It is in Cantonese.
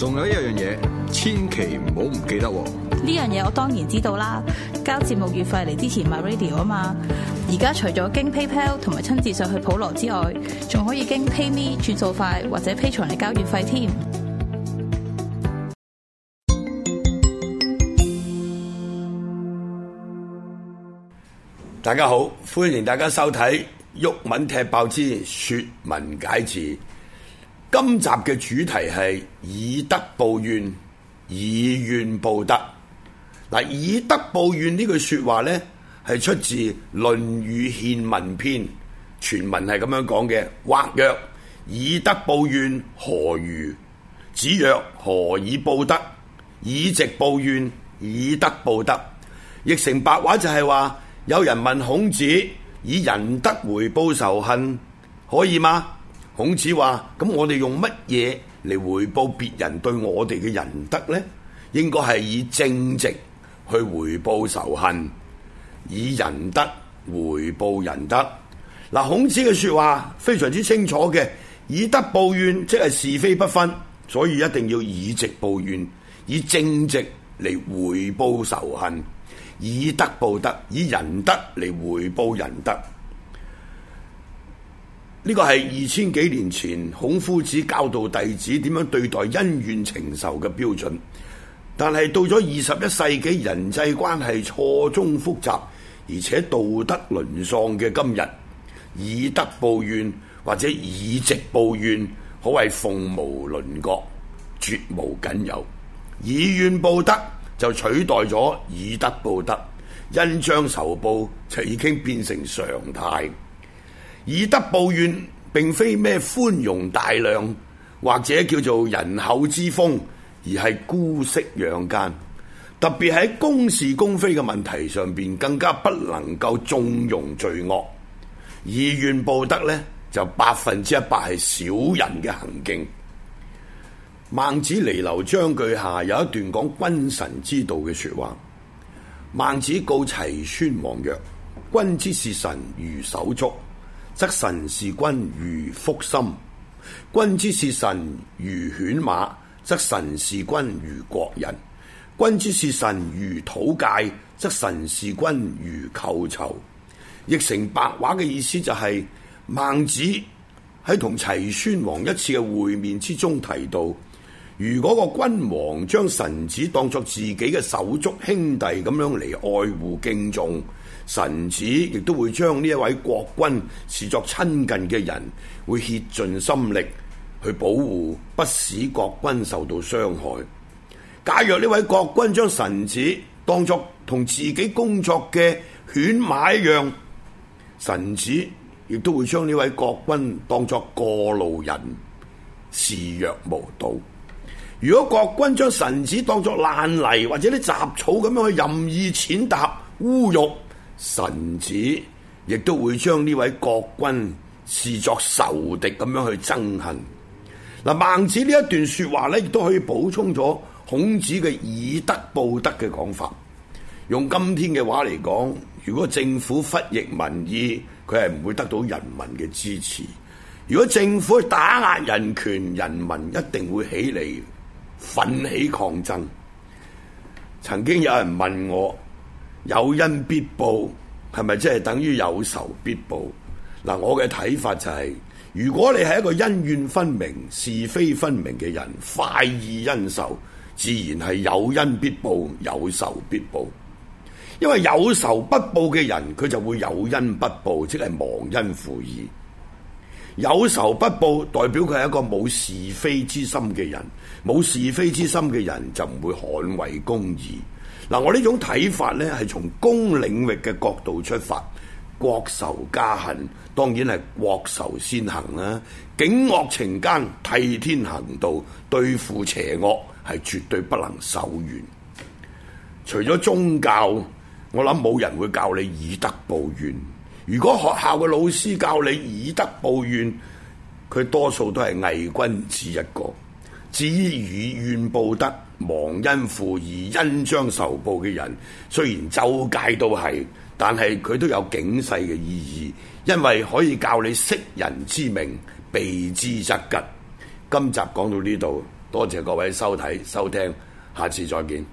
仲有一樣嘢，千祈唔好唔記得。呢樣嘢我當然知道啦，交節目月費嚟之前 MyRadio 啊嘛。而家除咗經 PayPal 同埋親自上去普羅之外，仲可以經 PayMe 轉數快或者 Patreon 嚟交月費添。大家好，歡迎大家收睇《毓民踢爆之説文解字》。今集嘅主題係以德報怨，以怨報德。嗱，以德報怨呢句說話呢，係出自《論語憲問篇》文，全文係咁樣講嘅：或曰以德報怨何如？子曰：何以報德？以直報怨，以德報德。譯成白話就係話，有人問孔子：以仁德回報仇恨可以嗎？孔子話：咁我哋用乜嘢嚟回報別人對我哋嘅仁德呢？應該係以正直去回報仇恨，以仁德回報仁德。嗱，孔子嘅說話非常之清楚嘅，以德報怨即係是非不分，所以一定要以直報怨，以正直嚟回報仇恨，以德報德，以仁德嚟回報仁德。呢個係二千幾年前孔夫子教導弟子點樣對待恩怨情仇嘅標準，但係到咗二十一世紀人際關係錯綜複雜，而且道德淪喪嘅今日，以德報怨或者以直報怨，可謂鳳毛麟角，絕無僅有；以怨報德就取代咗以德報德，恩將仇報就已經變成常態。以德報怨，並非咩寬容大量，或者叫做仁厚之風，而係姑息養奸。特別喺公是公非嘅問題上邊，更加不能夠縱容罪惡。以怨報德呢，就百分之一百係小人嘅行徑。孟子離婁章句下有一段講君臣之道嘅説話。孟子告齊宣王曰：君之視臣如手足。則臣視君如福心，君之視臣如犬馬；則臣視君如國人，君之視臣如土芥；則臣視君如寇仇。譯成白話嘅意思就係、是、孟子喺同齊宣王一次嘅會面之中提到，如果個君王將臣子當作自己嘅手足兄弟咁樣嚟愛護敬重。神子亦都會將呢一位國君視作親近嘅人，會竭盡心力去保護，不使國君受到傷害。假若呢位國君將臣子當作同自己工作嘅犬馬一樣，臣子亦都會將呢位國君當作過路人，視若無睹。如果國君將臣子當作爛泥或者啲雜草咁樣去任意踐踏侮辱，臣子亦都會將呢位國君視作仇敵咁樣去憎恨。嗱，孟子呢一段說話咧，亦都可以補充咗孔子嘅以德報德嘅講法。用今天嘅話嚟講，如果政府忽視民意，佢係唔會得到人民嘅支持；如果政府打壓人權，人民一定會起嚟奮起抗爭。曾經有人問我。有恩必報，係咪即係等於有仇必報？嗱，我嘅睇法就係，如果你係一個恩怨分明、是非分明嘅人，快意恩仇，自然係有恩必報、有仇必報。因為有仇不報嘅人，佢就會有恩不報，即係忘恩負義。有仇不報代表佢係一個冇是非之心嘅人，冇是非之心嘅人就唔會捍衞公義。嗱，我呢種睇法呢，係從公領域嘅角度出發，國仇家恨當然係國仇先行啦、啊。警惡懲奸，替天行道，對付邪惡係絕對不能手軟。除咗宗教，我諗冇人會教你以德報怨。如果學校嘅老師教你以德報怨，佢多數都係偽君子一個。至於以怨報德。忘恩負義、恩將仇報嘅人，雖然周街都係，但係佢都有警世嘅意義，因為可以教你識人之明，避之則吉。今集講到呢度，多謝各位收睇收聽，下次再見。